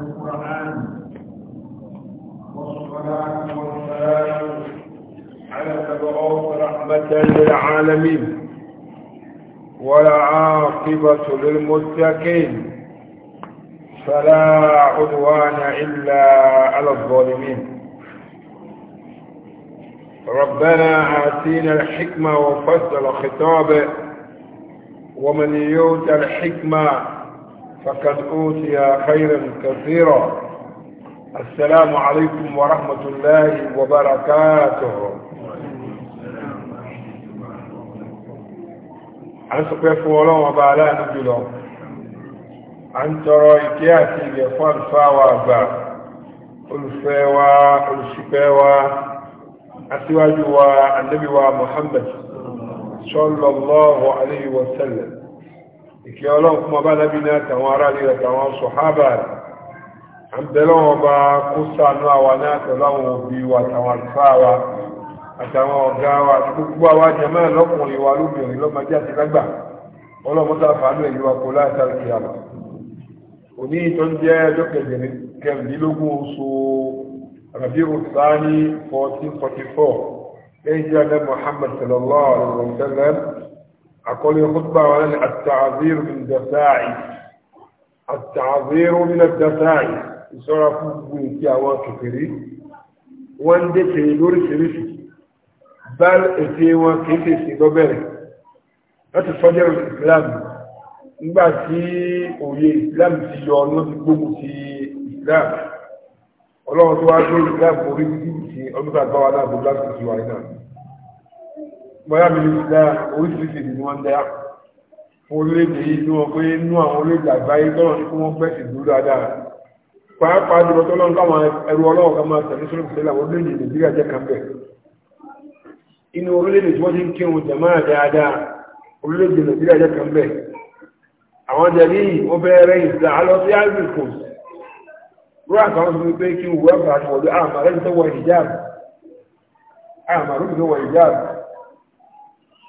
القرآن والصلاة والسلام على المبعوث رحمة للعالمين ولا عاقبة للمتقين فلا عدوان إلا على الظالمين ربنا آتينا الحكمة وفصل خطابه ومن يؤت الحكمة فقد أوتي خيرا كثيرا السلام عليكم ورحمة الله وبركاته a ń sọ pé fún ọlọ́run ọba aláàánú jùlọ a ń tọrọ ìkẹ́ àti ìgẹ̀ fún àlùfáà wa àgbà olùfẹ́ wa olùṣìpẹ̀ wa aṣíwájú wa ànábì wa Muhammad sallallahu alayhi wa sallam ìkẹ́ ọlọ́run fún ọba lábí ní àtàwọn ará rí àtàwọn sọ̀hábà rẹ̀ à ń bẹ̀rẹ̀ wọn bá kó sànú àwa ní àtàwọn òbí wa àtàwọn àlùfáà wa àtàwọn ọ̀gá wa àti gbogbo àwa jẹ̀mọ́ lọ́kùnrin wa 1444 lẹ́yìn jẹ́ Muhammad sallallahu alaihi wa أقول الخطبة ولن التعذير من دفاعي التعذير من الدفاعي سورة فوقين كيوان كفري وان دي كيلور كريسي بل اتيوان كيسي ببري láti fọ́jẹ́rò islam nígbà tí òye islam ti yọ ọ̀nà ti gbógun ti islam ọlọ́run tó wá gbé islam orí títí ọdún tó àgbáwá náà tó láti ti wà náà bọ́yá mínísítà oríṣiríṣi ni wọ́n dá fún orílẹ̀-èdè yìí ní wọn pé inú àwọn orílẹ̀-èdè àgbáyé tọ́lọ̀ ní kí wọ́n gbẹ̀sì dúró dáadáa pàápàá jùlọ tọ́lọ̀ ń káwọn ẹrù ọlọ́wọ́ kan máa tẹ̀lé sọ́lọ́ sílẹ̀ àwọn orílẹ̀-èdè nàìjíríà jẹ́ kan bẹ̀ inú orílẹ̀-èdè tí wọ́n ti ń kírun jàmáà dáadáa orílẹ̀-èdè nàìjíríà jẹ́ kan bẹ̀ àwọn jẹ̀bi ó fẹ́ rẹ̀ ìgbà alọ́ sí ivory coast rúwà kan sọ pé kí wọ́n bá àtọ̀dọ̀ àmàlẹ́ ìtọ́wọ̀ ìjáàbù àmàlẹ́ ìtọ́wọ̀ ìjáàbù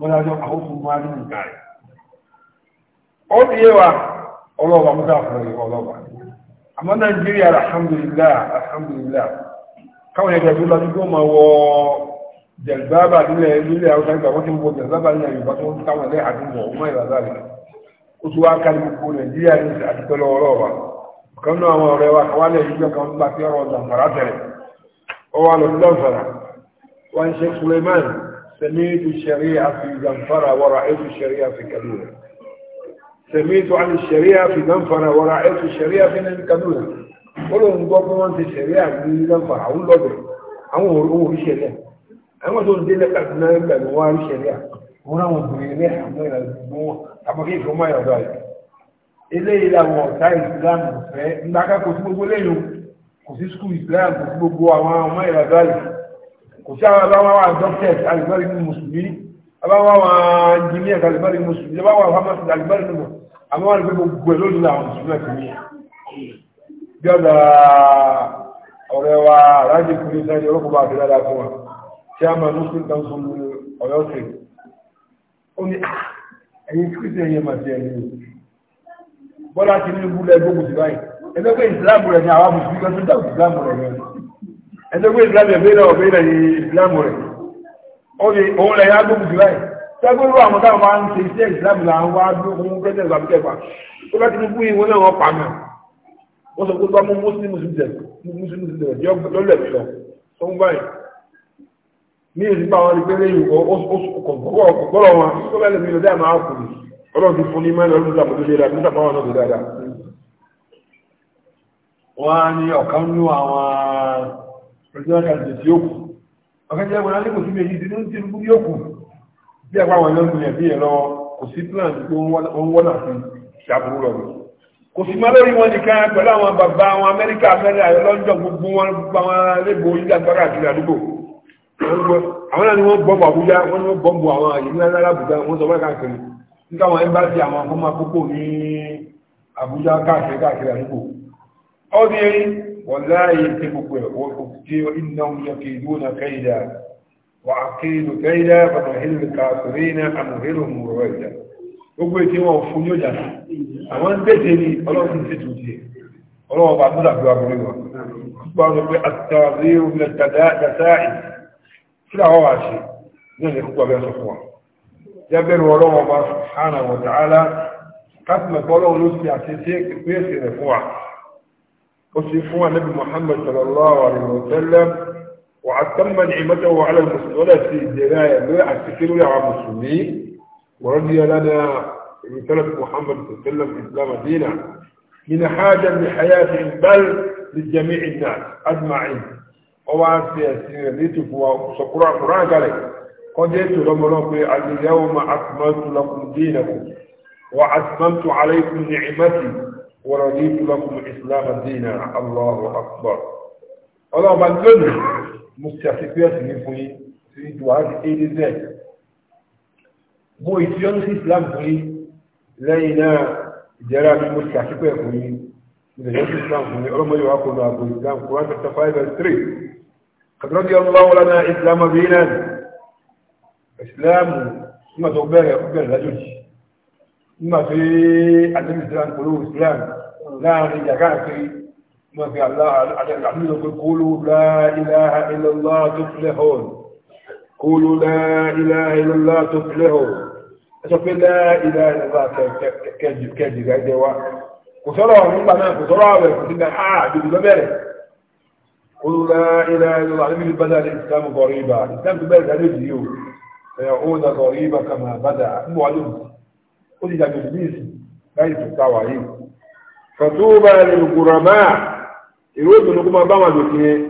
mọ́lájọ́ àwọn tó máa nínú ìgbà rẹ̀ ó ti yé wa ọlọ́ọ̀bà mọ́ta fún ẹ̀yẹ ọlọ́ọ̀bà àmọ́ nàìjíríà alhamdulillah alhamdulillah káwọn ẹgbẹ́ tó lọ́dún tó máa wọ jẹ̀lbábà nílẹ̀ nílẹ̀ àwọn ìgbà wọ́n ti ń wọ jẹ̀lbábà nílẹ̀ yorùbá tó ń táwọn ẹlẹ́ àdúgbò ọmọ ìlàdà rẹ̀ ó ti wá kárí gbogbo nàìjíríà ní àtìpẹ́lẹ̀ ọlọ́ọ̀bà kan náà سميت الشريعة في زنفرة ورأيت الشريعة في كنونة سميت عن الشريعة في زنفرة ورأيت الشريعة في كنونة قولوا نقول ما أنت الشريعة في زنفرة أقول له ده أقول هو الشريعة أما تقول دي لك أبناء بل هو الشريعة هنا مبينين حمير الموضوع أما كيف ما يرضى eléyìí làwọn ọ̀tá ìsìlámù fẹ́ ńlákà kò sí gbogbo lẹ́yìn kò sí skul ìsìlámù kò sí gbogbo àwọn ọmọ ìrọ̀lẹ́ kò sí àwọn abáwáwá doctors alibari ní mùsùlùmí abáwáwá engineers alibari ní mùsùlùmí abáwáwá pharmacist alibari ní mùsùlùmí àmọ́ wọn gbé gbogbo ẹ̀ lónìí àwọn mùsùlùmí àti mi bí ọ̀dà ọ̀rẹ́ wa aláàjì kùnrin sáyẹn ọlọ́kùnrin bá àdúrà dáa fún wa chairman muslim council ọ̀yọ́ state ó ní ah, ẹ̀yin kírísítẹ̀ yẹn màtí ẹ̀yìn bọ́lá ti ní ibú lẹ́gbọ́gbù sí báyìí ẹgbẹ́ pé ìsìlámù rẹ̀ ni àwọn mùsùlùmí kan tó dá ìsìlámù rẹ̀ yẹn ẹ̀dẹ́gbé ìsìlámù ẹ̀bẹ́rẹ̀ ọ̀bẹ́rẹ̀ ìsìlámù rẹ̀ oye òun lẹ̀yà agbóhùn jù láì sẹ́gbẹ́rú àwọn táwọn máa ń ṣe iṣẹ́ ìsìlámù là ń wá dókun pẹ́tẹ́ ìgbàmùkẹ́fà tó bá ti ní bú ìwé náà wọ́n pa mọ́ wọ́n sọ pé bá mú mùsùlùmí mùsùlùmí tẹ̀ lọ́lẹ̀ mi lọ tó ń báyìí ní èsì bá wọn rí pé lẹ́yìn ọ̀gbọ́rọ̀ wọn tó bá lẹ́mí lọ dáa máa kù ní ọlọ́run ti fún ní mẹ́rin ọdún sàmù tó lé dáa nígbà báwọn náà tó dáadáa. wọ́n á ní ọ̀kan nú àwọn president candidate yóò kù ọ̀kẹ́jẹ́ ẹgbẹ̀rún alẹ́kùn sí méjì nínú tí ìlú yóò kù bí ẹgbà wọn lọ́nà ìyẹn bí ẹ̀rọ kò sí plan tí ó ń wọ́nà sí ṣàbùrú rọ̀ mi kò sí máa lórí wọn nìkan pẹ̀lú àwọn bàbá àwọn amẹ́ríkà amẹ́ríkà lọ́jọ́ gbogbo wọn gba wọn lẹ́bù onílẹ̀ agbára àti àdúgbò àwọn náà ni wọ́n bọ́ọ̀bù àbújá wọ́n ni wọ́n bọ́ọ̀bù àwọn ìlú ńlá àbújá wọ́n sọ wọ́n káàkiri nígbà wọn ẹgbẹ́ àti àwọn akọ́mọ akókò ní àbújá káàkiri káàkiri àdúgbò ọ́ ولا يتبقى وفكتوا إنهم يكيدون كيدا وعقيد كيدا فنهل الكافرين أمهلهم مرويدا وقيتوا وفنوا جانا أما أنت تلي الله سنسيتوا تلي الله أبعد الله في أبريوا أخبرنا في التغذير من التداء دسائد فلا هو عشي نحن نخطوا بها صفوة جبر ولوم الله سبحانه وتعالى قسم قوله نسمع سيسيك بيسي رفوعه وصفوا النبي محمد صلى الله عليه وسلم وعتم نعمته على المسؤولة الدراية بالعسكر على المسلمين ورضي لنا رسالة محمد صلى الله عليه وسلم إسلام دينا من حاجة لحياتهم بل لجميع الناس أجمعين وواسي أسير ليتك وشكرا قرآن عليك قضيت لهم اليوم أكملت لكم دينكم وأتممت عليكم نعمتي ورضيت لكم الإسلام دينا الله أكبر الله ما لن مستحقيات نفوي في دعاء إلى ذلك mo ìfiyọ́nù sí islam fún yí lẹ́yìn náà ìjẹ́ra mi mo ṣàṣípò ẹ̀ fún yí ìdẹ̀yọ́ sí islam fún yí ọlọ́mọ yóò wá kó lọ àgbo islam quran chapter five and three kàdúrà bí ọlọ́wọ́ wọlé náà islam abiy náà islam nígbà tó bẹ̀rẹ̀ ó bẹ̀rẹ̀ lájòjì nígbàtí àdébì islam pẹ̀lú islam láàrin ìjà káàkiri nígbàtí àdébìlọ pé kóló láìláha ilọ́lá tó fílẹ̀ hàn kóló láìláha ilọ́lá tó fílẹ̀ hàn ẹ̀sọ́ pé láìláha ilọ́lá kẹjì gájẹ wa kò sọ́rọ̀ nígbà náà kò sọ́rọ̀ àwẹ̀ kò sílẹ̀ ààbìbì lọ bẹ̀rẹ̀ kóló láìláha ilọ́lá àdébìlọ bá dáa islam gọ̀rọ̀ ibà islam tó bẹ̀rẹ̀ dáa lójì yìí ó ti dàbí bíìsì láì tó ta wà yìí fàtó bá rẹ̀ gùràmá ìró ìdùnnú kó máa bá wọn lòkè yẹn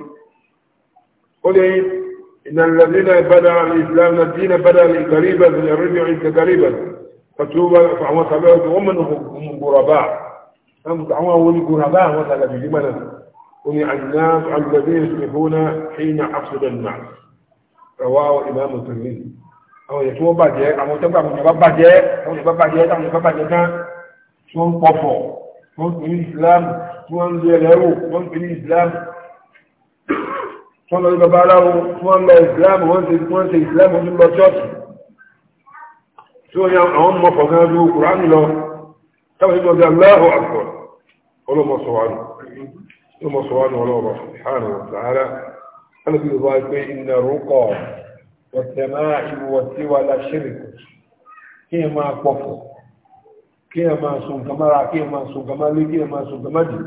ó lè ìnàlẹ́dínà ìbádà ìsìlámù náà dínà ìbádà ìgbàríbà ìrìnà ìgbàríbà fàtó bá àwọn sàbẹ̀ ọ̀tún wọn mọ̀nà gùràmá àwọn àwọn gùràmá àwọn sàbẹ̀ ìgbìmọ̀ náà ó ní àyìnlá àlùbẹ̀dẹ̀ ìsìnkú náà àwọn èyí tí wọ́n bàjẹ́ àwọn tó gbà wọ́n bàjẹ́ àwọn èyí bàjẹ́ táwọn èyí bàjẹ́ tán tí wọ́n ń pọ̀fọ̀ tí wọ́n ń pè ní Islam tí wọ́n ń lé ẹlẹ́rù tí wọ́n ń pè ní Islam tí wọ́n lọ sí baba aláwo tí wọ́n lọ Islam wọ́n ṣe wọ́n ṣe Islam wọ́n ti lọ chọ́ọ̀tì tí wọ́n yan àwọn ọmọ kọ̀ọ̀kan lu Kùránì lọ táwọn èyí lọ́dẹ aláhù àkọ́ ọlọ́mọsọ̀wánù ọlọ́mọsọ̀wánù ọlọ́mọ والتمائم والسوى لا شرك كي ما قفو كي ما سون كمارا كي ما سون كمالي كي ما سون كمالي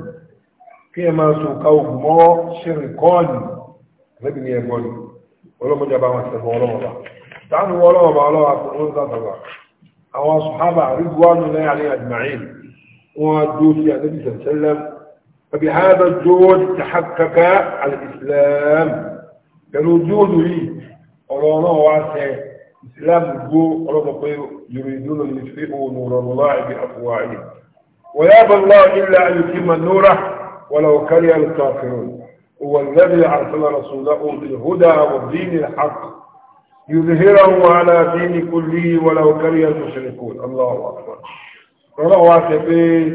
كي ما سون كوف مو شركون ربني يا بولي ولو مجابا ما سلم ولو مبا تعالوا ولو مبا ولو أقول ذات الله أو صحابة رضوان الله عليه أجمعين ودوسي النبي صلى الله عليه وسلم فبهذا الجود تحقق الإسلام كانوا جوده إيه؟ ọ̀rọ̀ ọlọ́run wá tẹ ìsìláàmù gbó ọlọ́pàá pé yorùdúró ní fi òun rọrùn láàbí àfọwà yìí wọ́n yá bọ̀ lọ́wọ́ ilẹ̀ ayùkí manúra wọ́n lọ́wọ́ kárí alùkàfẹ́rún هو الذي أرسل رسوله بالهدى والدين الحق يظهره على دين كله ولو كره المشركون الله أكبر رواه سبيل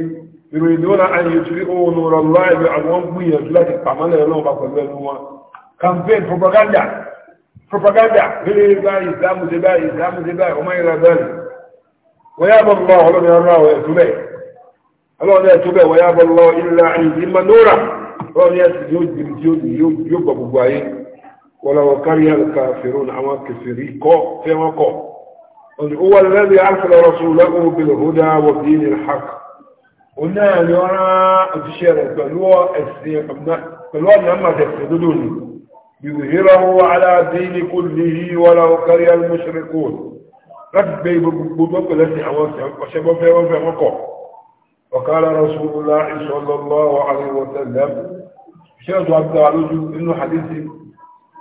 يريدون أن يطفئوا نور الله بأنهم يجلس الطعمان لهم بقبلهم كامبين بروباغندا propaganda lórí báyìí ìsìlámù ṣe báyìí ìsìlámù ṣe báyìí ọmọ ìlànà bẹ́ẹ̀ wọ́yá bọ̀ lọ ọlọ́run ọ̀rọ̀ àwọn ẹ̀tú bẹ́ẹ̀ ọlọ́run ẹ̀tú bẹ́ẹ̀ wọ́yá bọ̀ lọ ilà ìdí manora ọlọ́run ẹ̀sìn yóò jìbì tí yóò gbọ̀ gbogbo ayé wọlọ́wọ́ kárí àlùkà fèrún àwọn kẹfìrí kọ́ fẹ́ wọn kọ́ هو الذي أرسل رسوله بالهدى ودين الحق قلنا يرى الشارع فلو السيف فلو لما تفسدوني يظهره على دين كله ولو كره المشركون ربي بقبضك التي حواسها وشبه وفي وقع وقال رسول الله صلى الله عليه وسلم شهد عبد العزيز انه حديث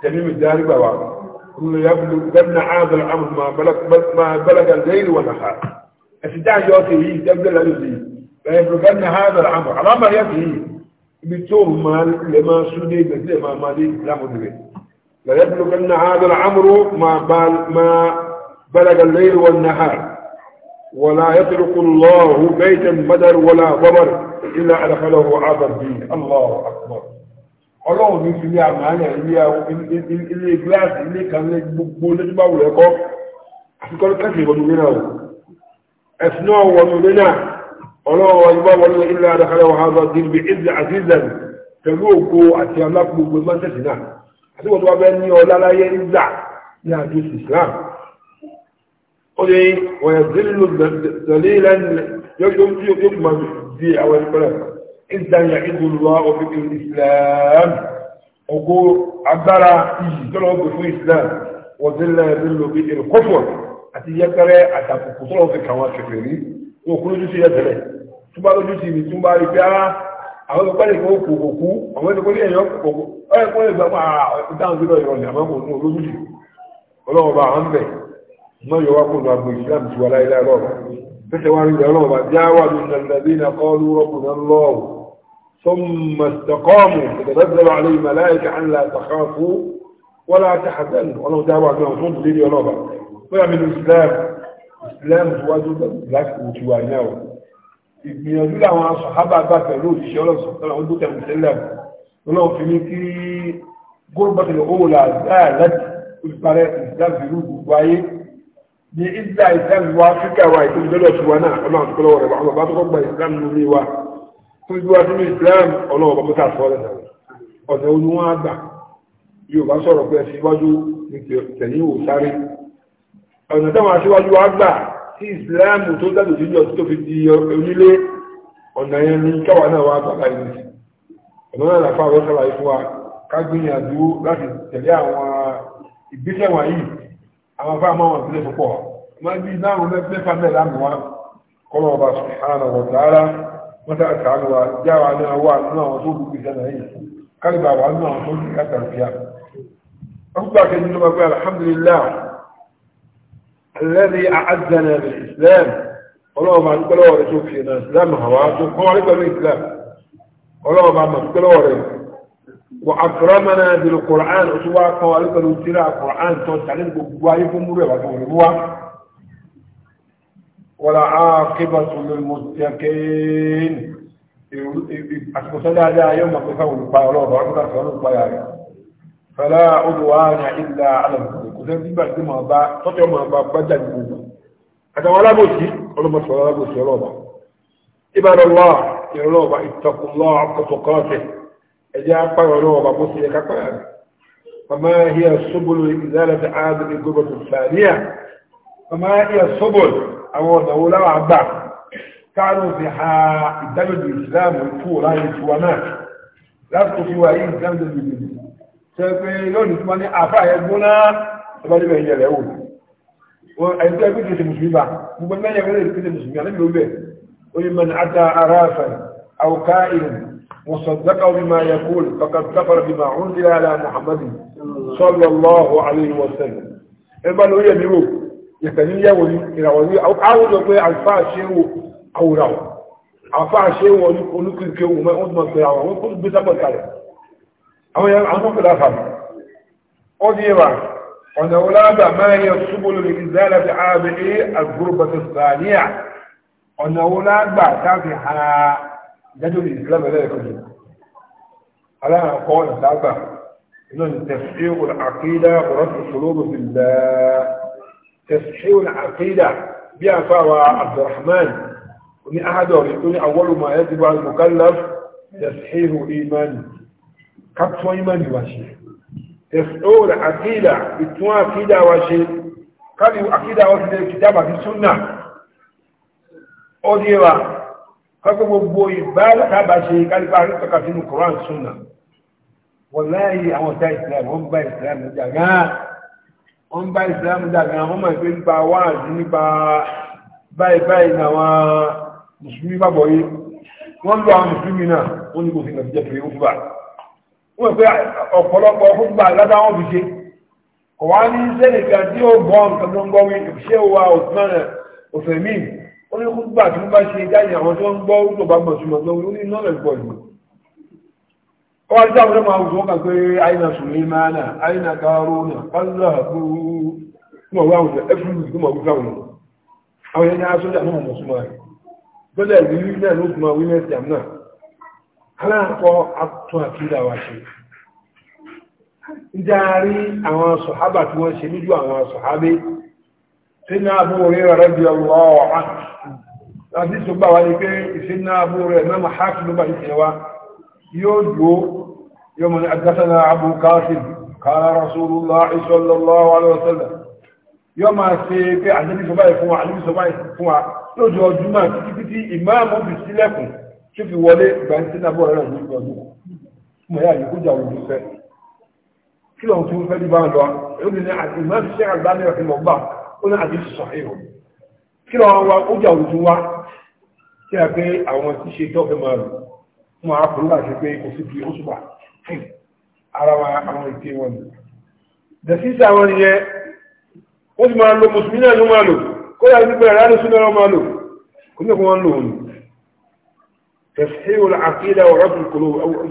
تميم الداري بابا انه يبلغ بن هذا الامر ما بلغ ما بلغ الليل والنهار أسدع جواتي هي تبلغ الذي لا يبلغن هذا الامر ما يبلغ بتوم ما لما سوني بدي ما ما دي لا مدري لا يبلغ أن هذا العمر ما بال ما بلغ الليل والنهار ولا يطلق الله بيتا بدر ولا ضبر إلا أدخله عبر به الله أكبر ألو من في يا مانا اللي يا اللي جلاس اللي كان لك بولج باول يقف أفكر كثير من منه أثناء ومننا ọlọ́wọ́ ìgbà wọlé ilẹ̀ adakara wà hàn dín bí ìdí àzízàn pẹ̀lú òkú àti alákùnrin gbogbo mọ́tẹ́sì náà àti wọ́n tó wá bẹ́ẹ̀ ní ọlá láyé ìzà ní àdús islam ó lè wọ́n yẹ délìlú tẹ̀lé lẹ́nu yóò yóò máa di àwọn ìpẹ́rẹ́ ìzà yà ìdúlùwà òfin islam òkú agbára iyì tọ́lọ́ òkú fún islam wọ́n délìlú délìlú bí ìrìkọ́fọ̀ àti yẹpẹrẹ àtàkùkù tọ́lọ́ òfin kàwọn akẹ́kẹ̀ẹ́ rí òkú lójú sí yẹ tẹ̀lé tó bá lójú ti tó bá rí pé á àwọn tó pẹ́lẹ̀ kó kò kò kú àwọn tó kó ní olójú ti ọlọ́wọ́ bá ثم استقاموا تتنزل عليهم ملائكة أن لا تخافوا ولا تحزنوا ولو دعوا أنهم صد لي ونظر ويعمل الإسلام إسلام تواجد لك ìgbìyànjú làwọn sàhábà gbà pẹ̀lú òṣìṣẹ́ ọlọ́sọ̀tọ́lá ọdún tẹ̀wọ̀n tẹ́lẹ̀ ọlọ́run fi ní kí górbàtẹ̀lẹ̀ owó là dáa láti olùparẹ́ ìdáàbìrú gbogbo ayé ní ìdá ìsìlámù wa áfíríkà wa ètò ìdọ́lọ̀ tiwa náà ọlọ́run tó lọ́wọ́ rẹ̀ àwọn bàbá tó kọ́ gba ìsìlámù lórí wa tó ju wa sínú ìsìlámù ọlọ́run wọn àgbà yorùbá sọ̀rọ̀ pé ẹ̀sìn ní tẹ̀yìn òsáré ọ̀nà táwọn aṣíwájú wa tí ìsìláàmù tó dàgbò sí ìjọ tó fi di onílé ọ̀nà yẹn ní káwa náà wá gbàgbà yìí ọ̀nà náà làfà àwọn sàlàyé fún wa ká gbìyànjú láti tẹ̀lé àwọn ìgbésẹ̀ wọ̀nyí àwọn afá máa wọn sílẹ̀ púpọ̀ máa bí náà wọn mẹ́fà mẹ́ta mú wa kọ́lọ́ ọba subhanahu wa ta'ala wọ́n sá الذي أعزنا بالإسلام قلوا ما نقلوا رسول في الإسلام هواته هو عبا الإسلام قلوا ما نقلوا وأكرمنا بالقرآن أسواء قوالب الوزراء القرآن تون تعلم بقوائف مريبا هو ولا عاقبة للمستقين أسكت لا لا يوم أقفوا القرآن فلا عدوان إلا على المسلمين kò sẹ́ni tí gbàgbé máa bá tọ́tẹ́ máa bá bájà ní gbogbo àtàwọn alábòsí ọlọ́mọsọ alábòsí ọlọ́ọ̀bà ìbádọ́lá ìrọlọ́ọ̀bà ìtọ́kùnlọ́ àkọ́tọ̀kọ́ọ̀tẹ̀ ẹ̀jẹ̀ apá ìrọlọ́ọ̀bà bó ti yẹ kápá rẹ̀ màmá hiya sóbòlù ìzálẹ̀ tí a bí gbogbo tó sàníyà màmá hiya sóbòlù àwọn ọ̀nà wo láwọn àgbà káàlù fi ha ìdájọ́jù ìsìláàmù fún ọ̀rá ìfúwa náà láti fi wà yí ìdájọ́jù ìsìláàmù tẹ́ pé lónìí tí wọ́n ní àfáà yẹn gbóná ẹgbẹ́lẹ́bẹ̀ yẹ rẹ̀ wò wọ́n ẹgbẹ́ ẹgbẹ́ kìí ṣe mùsùlùmí bá gbogbo mẹ́rin ẹgbẹ́ kìí ṣe mùsùlùmí alẹ́ lórí bẹ̀ ó ní mẹ́rin ata ara fẹ̀ àwòká ìrìn mùsọ̀dáka omi máa yẹ kó kàkà tàkàrà bí máa ń dira ala muhammadu sallallahu alayhi wa sallam ẹgbẹ́ lórí ẹ̀mí wò yẹ̀kẹ̀ ní yẹ̀wò ní ìràwọ̀ ní àwùjọ pé àlùfà ṣe wò àwùràwọ̀ àlùfà ṣe عند أولاد ما هي السبل لإزالة عابئ الغربة الثانية عند أولاد تعطي حنا جدول الإسلام هذا كله على أقوال سابع إنه تسحيق العقيدة ورد الصلوب في الله تسحيق العقيدة بأفا عبد الرحمن وني أحد يقول أول ما يجب على المكلف تسحيه إيمان كبس إيمان يواشيه تسعود عقيدة بتوان عقيدة وشي قبل عقيدة وشي الكتابة في السنة أوديوا قبل بوي بالك بشي قال بعرف في القرآن السنة والله أهو تا إسلام هم با إسلام دعنا هم با إسلام دعنا هم يبين باواز نبا باي باي نوا مسلمي بابوي wọ́n lọ àwọn mùsùlùmí náà wọ́n ní kò sí nàìjíríà tó yẹ kó fún báyìí wọ́n pẹ́ ọ̀pọ̀lọpọ̀ fúgbà lábáwọn fi ṣe ọ̀wá ní sẹ́nìkan tí ó gbọ́ nǹkan tó ń gbọ́ wí ṣé wa Usman òfèmí ó ní fúgbà tó ń bá ṣe jáde àwọn tó ń gbọ́ tó bá gbọ̀ súnmọ́ tó ní nọ́ọ̀lẹ̀ pọ̀ jù ó wá jáwé lọ́mọ àwùjọ kan pé àyínà Sùlẹ́mánà àyínà Kárọ́nà kálọ́ àbúrú mọ̀ wá àwùjọ ẹ aláàkọ́ àtún àkídà wa ṣe ìdárí àwọn sọ̀hábà tí wọ́n ṣe níjú àwọn sọ̀hábé tí náà bú orí rẹ̀ bí ọlọ́ ọ̀hán láti tó gbà wá ní pé ìsinmi àbú rẹ̀ mẹ́mà hákì ló bá ní tẹ̀wá yóò dúó yóò mọ̀ ní agbátana Abu Qasim kára Rasulullah sallallahu alaihi wasallam yóò máa ṣe pé àdébí sọ báyìí fún wa àdébí sọ báyìí fún wa lójú ọdún máa títí ìmáàmù bì sílẹ̀kùn tó fi wọlé ìgbà ní sínú abọ́ rẹ̀ lórí ọdún mo yà yìí kó jà òun fẹ́ kí lóun tún fẹ́ bí bá ń lọ ó ní àti ìmọ̀ àti sẹ́yìn àgbà mẹ́rin ìmọ̀ gbà ó ní àti sọ èrò kí lóun wá ó jà òun tún wá kí a pé àwọn tí ṣe tọ́fẹ́ máa rò wọn á kúrò láti pé kò sí bí ó ṣùgbà ara wa àwọn ìpè wọn ni dẹ̀sísà wọn nìyẹn ó sì máa lo mùsùlùmí náà ló máa lò kó yà ní tẹ̀síwò àkídà ọ̀rọ̀ bí kòló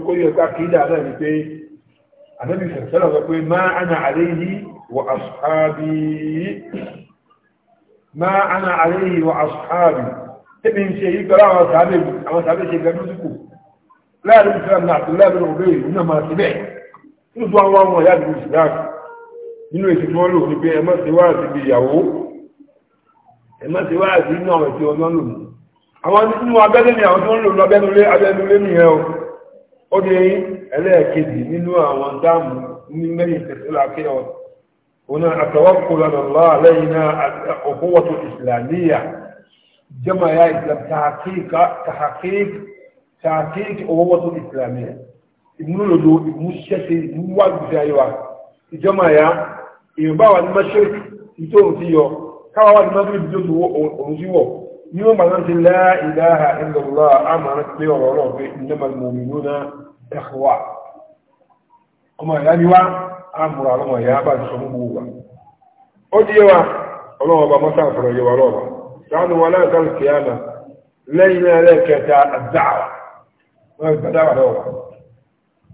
orí ọ̀tá àkídà náà ni pé ànábì sẹ̀sẹ̀lọ̀ sọ pé má ana àléyìí wọ àṣàbí má ana àléyìí wọ àṣàbí tẹ́mi ń ṣe yí pẹ̀lú àwọn sàbẹ̀ àwọn sàbẹ̀ ṣe gẹ́gẹ́ lóṣùkù láàrin ìṣẹ́lẹ̀ náà àti láàrin òbẹ́ ìlú náà máa ti bẹ́ẹ̀ nínú àwọn ọmọ ìyá àdúgbò ìsìláàmù nínú èsì tí wọ́n lò ní pé ẹ má ṣe wáàsí bí ìyàwó ẹ má ṣe wáàsí nínú àwọn ètò ọlọ́run àwọn nínú abẹ́lé ni àwọn tó ń lò lọ abẹ́nulé abẹ́nulé nìyẹn o ó di ẹlẹ́ẹ̀kejì nínú àwọn dáàmù ní mẹ́yìn tẹ̀sílà kéọ̀ òun ìsìlàníyà جمع تحقيق تحقيق تحقيق أبوة الإسلامية ابن لدو ابن الشيخ yóò máa rántí la ilaha illallah a máa rántí pé ọ̀rọ̀ ọ̀rọ̀ pé innamal mu'minuna ikhwa ọmọ ìyá ni wá a múra ọmọ ìyá bá ti sọmú gbogbo wa ó di wa ọlọ́wọ́ bá mọ́tà àfọ̀rọ̀ yẹ wa lọ́wọ́ sáánù wa náà kálù kìíyàmà lẹ́yìn náà lẹ́ẹ̀kẹta àdáwà wọ́n fi dáwà lọ́wọ́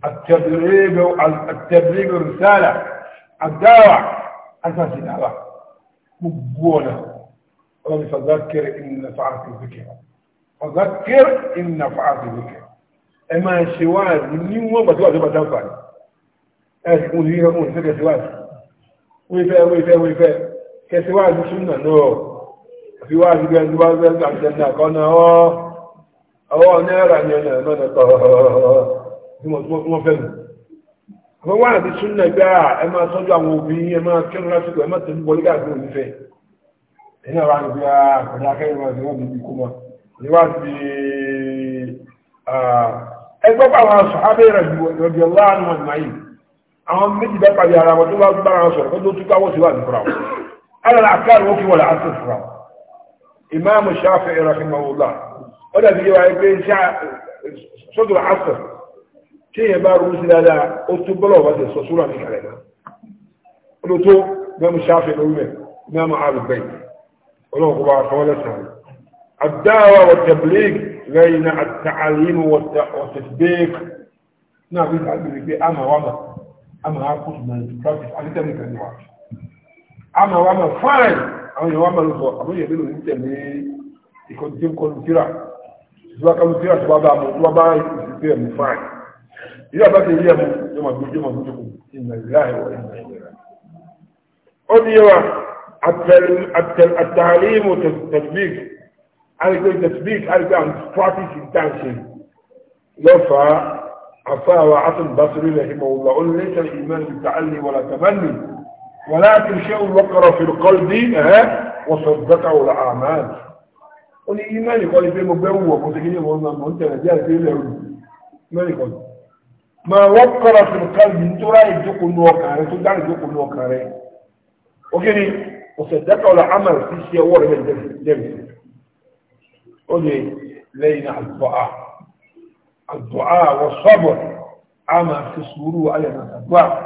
àtẹ̀bílẹ́gbẹ̀rún sáàlà àdáwà àtàtì dáwà gbogbo ọ̀nà ọlọ́run fàzákẹ́rẹ́ ìnà fàáàtì ìzìkẹ́ fàzákẹ́rẹ́ ìnà fàáàtì ìzìkẹ́ ẹ máa ṣe wá ní wọ́n gbàtí wà tó bá dáfà ní ẹ̀sì kún sí ọmọ ìfẹ́ kẹsí wáàtì wífẹ́ wífẹ́ wífẹ́ kẹsí wáàtì súnà náà àfi wáàtì bẹ́ẹ̀ ní wáàtì bẹ́ẹ̀ àti ẹ̀nà kan ọwọ́ ọwọ́ náírà ní ọ̀nà ẹ̀mọ́nà tọ̀ tí wọ́n fẹ́ nù. àwọn wáàtì súnà gbá ẹ máa tọ́jú àwọn òbí ẹ máa kẹ́rù lásìkò ẹ máa tẹ̀lé wọlé káàkiri òní fẹ́ ẹni ọ̀rọ̀ àgbẹ̀ bíi ọ̀dà akẹ́yìnwó ẹ̀dẹ̀ wọ́n bíi kúmọ̀ níwájú ẹgbẹ́ bá wọn sọ abẹ́ rẹ̀ ju ọ̀dì ọláàánú wọn náà yìí àwọn méjì bá pàdé ara wọn tó bá bá wọn sọ̀rọ̀ tó tún káwọ́ sí wà nípa wọn alàlà àkàrà wọn kí wọn là á tó fura wọn ìmáàmù Shafi'i rahimahullah ó dàbí yẹ wáyé pé sọ́dọ̀ àṣọ tí èèyàn bá rú sí dáadáa ó tún bọ́lọ̀ wá sí sọ́súrà ní kàlẹ́ náà ó lọ tó ìmáàmù Shafi'i lórí mẹ́ ìmáàmù àrùbẹ́yìí ọlọ́run bá fọwọ́ lẹ́sàn án àdáwà wọ̀tẹ̀blík lẹ́yìn àtàlímù wọ̀tẹ̀sídẹ́ẹ̀k náà fi àgbèrè pé àmà wàmà àmà àkùsù náà ní practice alítẹ́mì pẹ̀lú wa àmà wàmà fine àwọn èèyàn wàmà ló sọ àbúrò yẹn ló ń tẹ̀lé ìkọ̀jú kọlu tíra ìtura kọlu tíra tó bá bá mu tó bá bá ìsìnkú ẹ̀mú fine ìyá bá ti yé ẹ̀mú yọmọ gbójú yọmọ gbójú kù ìnà ìlà ẹ̀wọ̀ ìnà ìlà ó ní yẹ wa التعليم والتطبيق على كل تطبيق على كل استراتيجي تانشن لفا عفا وعط البصري لهم والله قل ليس الإيمان بالتعلي ولا تمني ولكن شيء وقر في القلب ها وصدقه الأعمال قل إيمان يقول في مبوة متكيني والله ما أنت نجاة في له ما يقول ما وقر في القلب انت رأي جوك النوكاري تدعي جوك النوكاري وكذلك وصدق ولا عمل في شيء ورد الدم قولي لينا الدعاء الدعاء والصبر عما في سوره على ما تدعى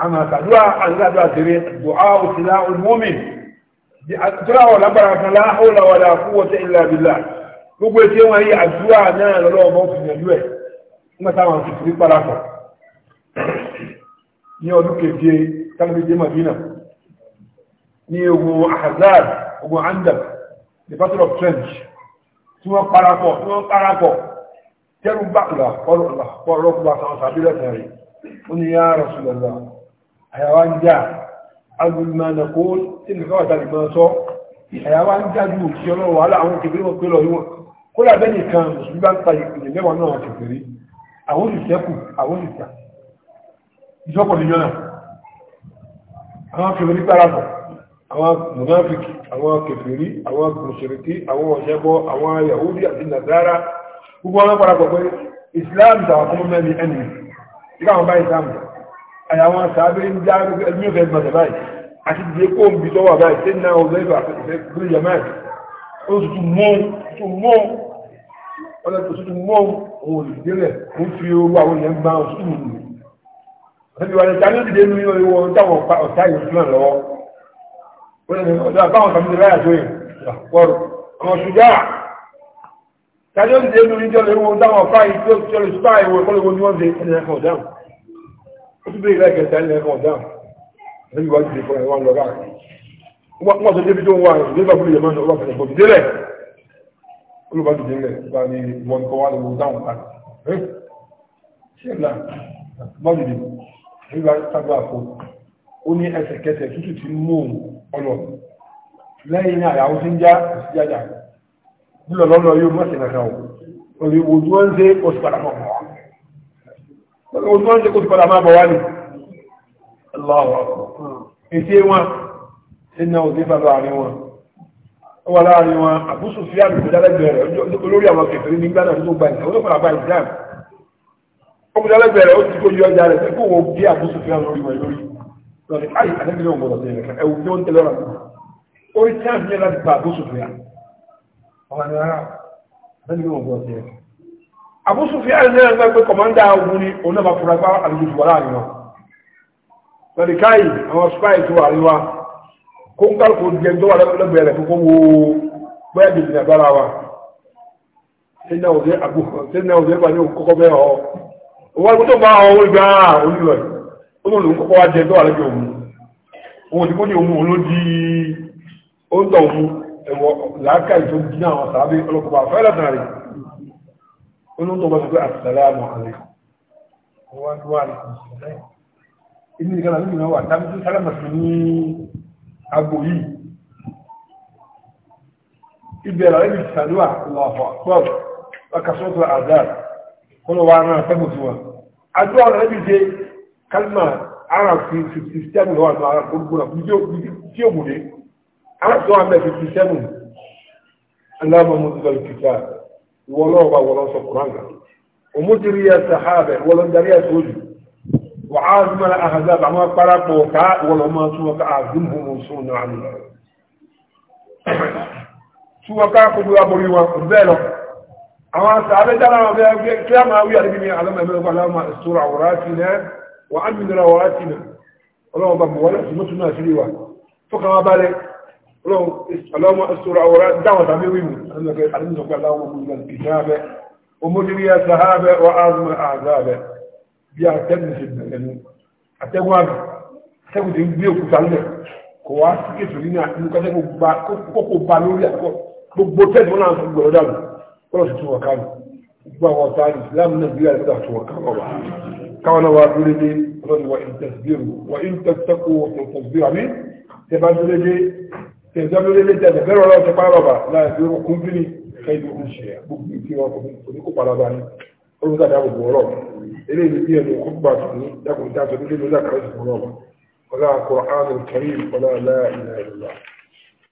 عما تدعى عن لا تدعى الدعاء وسلاء المؤمن ترى ولا بركة لا حول ولا قوة إلا بالله gbogbo etí wọn yí àdúrà náà lọ́wọ́ ọmọ òfin ẹ̀lú ẹ̀ nígbàtà wọn ti fi parapọ̀ ní ọdún keje tánàbíjé madina ní ogun Ahzab ogun Andab the battle of trench tí wọ́n parapọ̀ tí wọ́n parapọ̀ tẹ́rù bákùlà pọ̀lọ́pùlà àwọn sàbílẹ̀sẹ̀ rẹ̀ ó ní yá Rasulullah àyàwá ń já agbègbèmọ̀nà kó tí nìkan wà tàbí máa sọ àyàwá ń já ju òkè ọlọ́run wàhálà àwọn kèfèrè wọn pé lọ yíwọ̀n kó làbẹ́ nìkan mùsùlùmí bá ń ta ìpìlẹ̀ mẹ́wàá náà kèfèrè àwọn olùsẹ́kù àwọn nìyọ́nà àwọn kèfèrè gbára bọ̀ àwọn munafiki àwọn kèfèrí àwọn mùsùlùmí àwọn ọ̀ṣẹ́bọ́ àwọn yahudi àti nàzára gbogbo àwọn parapọ̀ pé islam tàwọn kọmọ mẹ́rin ẹni nígbà àwọn báyìí sáàmù àyàwọn sàábé ń já ẹgbẹ́ ìfẹ́ ìgbàdà báyìí àti ìdílé kó ń bi lọ́wọ́ báyìí tí náà ọ̀rọ̀ ìfẹ́ ìfẹ́ ìfẹ́ yamani ó sì tún mọ́ tún mọ́ ọ̀rẹ́ tó sì tún mọ́ òun olùdílẹ̀ ń fi owó àwọn èèyàn gbá ọ̀sùn nù ọjọ́ àbáwọn kan ti láyà tó yẹ wọ́rọ̀ ọmọ ṣùjá tàbí ó ti dé lórí ìjọ lè wọ́n dáwọn fáyì tí ó ti ṣe ṣùpá ìwọ̀ ẹ̀kọ́ lówó ní wọ́n ṣe ẹni ẹ̀kan ọ̀dáhùn ó tún bèèrè lẹ́ẹ̀kẹta ẹni ẹ̀kan ọ̀dáhùn lórí ìwà ìdílé fún ẹ̀wọ̀n lọ́gà wọ́n sọ débi tó ń wà ní bá búrú yẹmọ́nà ọba fẹ̀lẹ̀ bọ̀bí délẹ̀ olùbádùn délẹ̀ bá ní wọn kọ́ wá lọ́wọ́ dáhùn láti ṣe ńlá bọ́ọ̀lù dì nígbà tágbà àpò ó ní ẹsẹ̀kẹsẹ̀ tútù ti mú òun ọlọ lẹ́yìn náà àwọn tí ń já ìjájà búlọ̀ lọ́lọ́ yóò mọ́sí kankan o òní ojú wọn ṣe oṣù padà máa bọ̀ wá ojú wọn ṣe oṣù padà máa bọ̀ wá ni aláwọ̀ ètè wọn ṣe náà òde fàbà àárín wọn ó wà láàrin wọn àbúṣù sí àmì ìgbẹ́dálẹ́gbẹ̀ẹ́ rẹ̀ olórí àwọn kẹfẹ́ nígbà náà tó gba ìjà ó tó padà lọ́dí káyì kan ẹ̀wù ń tẹ̀lé ọ̀rọ̀ kan orí tí a fi yẹ láti pa àbúsùfù yà ọ̀rọ̀ ni rárá àdébí lóun gbọdọ̀ tẹ̀lé kan. àbúsùfù yà ní ẹgbẹ́ pé kọ̀mọ́ndà ogun ni òun náà bá fura gbá àlejò wà láàrin wọn. lọ́dí káyì àwọn spy tó wà kó ó lò ń kọ́kọ́ wá jẹ tó wà lẹ́gbẹ̀ẹ́ òun òun ti kó ní òun ló di ó ń tọ̀ òun ẹ̀wọ̀ làákà ìtò dínà àwọn sàábé ọlọ́kọ̀ọ́ àfẹ́ yìí ìbẹ̀rẹ̀ rẹ̀ ìsàdúwà lọ́fọ̀ pọ́ọ̀bù akasọ́tò àdáà wọ́n náà sẹ́kùtù wọn àdúrà bí ṣe kalima arab fi fifty seven wa no arab gbogbo tí o múlẹ̀ arab tó wà mẹ́ fifty seven aláàmà mọ́tòlá kìtà wọlọ́ ọba wọlọ́ sọ kuran kan omojiri ya sahabe wọlọ́ darí ya sójú wà á zumala ahazab àwọn akpara pọ̀ ká wọlọ́ máa túwọ́ ká àzum bò mọ̀ sún náà nù. túwọ́ ká kó bí wà borí wa bẹ́ẹ̀ lọ àwọn sahabe dára wọn bẹ́ẹ̀ kí a máa wí àdébí ni alámà ẹ̀mẹ́rẹ́ kó alámà sọ̀rọ̀ àwòrán sí náà. وعمل رواتنا اللهم بابا ولا سمتنا سليوا فقا بالي اللهم استر عورات دعوة عميوهم أنك أنزق اللهم من الكتابة ومجري الذهاب وعظم الأعذاب بيع تنس المكان أتقوا أتقوا تنبيو كتالة كواس كتو لنا نكتبوا كوكو بالولي gbogbo tẹ́lẹ̀ wọn náà gbọ̀rọ̀ dànù kọ́lọ̀ sì tún wọ̀ kánù gbogbo àwọn ọ̀tá ìsìlámù náà bí i àti àtúwọ̀ kánù ọ̀wà káwọn náà wà dúró dé ọlọ́ni wà ìtẹ̀síbírù wà ìtẹ̀síkù ìtẹ̀síbírù àmì tẹ̀ bá dúró dé tẹ̀ bá dúró dé tẹ̀ bẹ̀rẹ̀ ọlọ́run tẹ̀ pàrọ̀ bà láì fi okun bí ni ká ibi okun ṣe gbogbo ìfi wọn oníkó padà bá ní olùkọ́ tàbí àbùkù ọ̀rọ̀ eléyìí bí ẹnu kó gbà tó ní dákùn dáṣọ nílé lọ́dà kàrẹ́sì ọ̀rọ̀ ọ̀la kọ̀ọ̀án kẹrin ọ̀la láì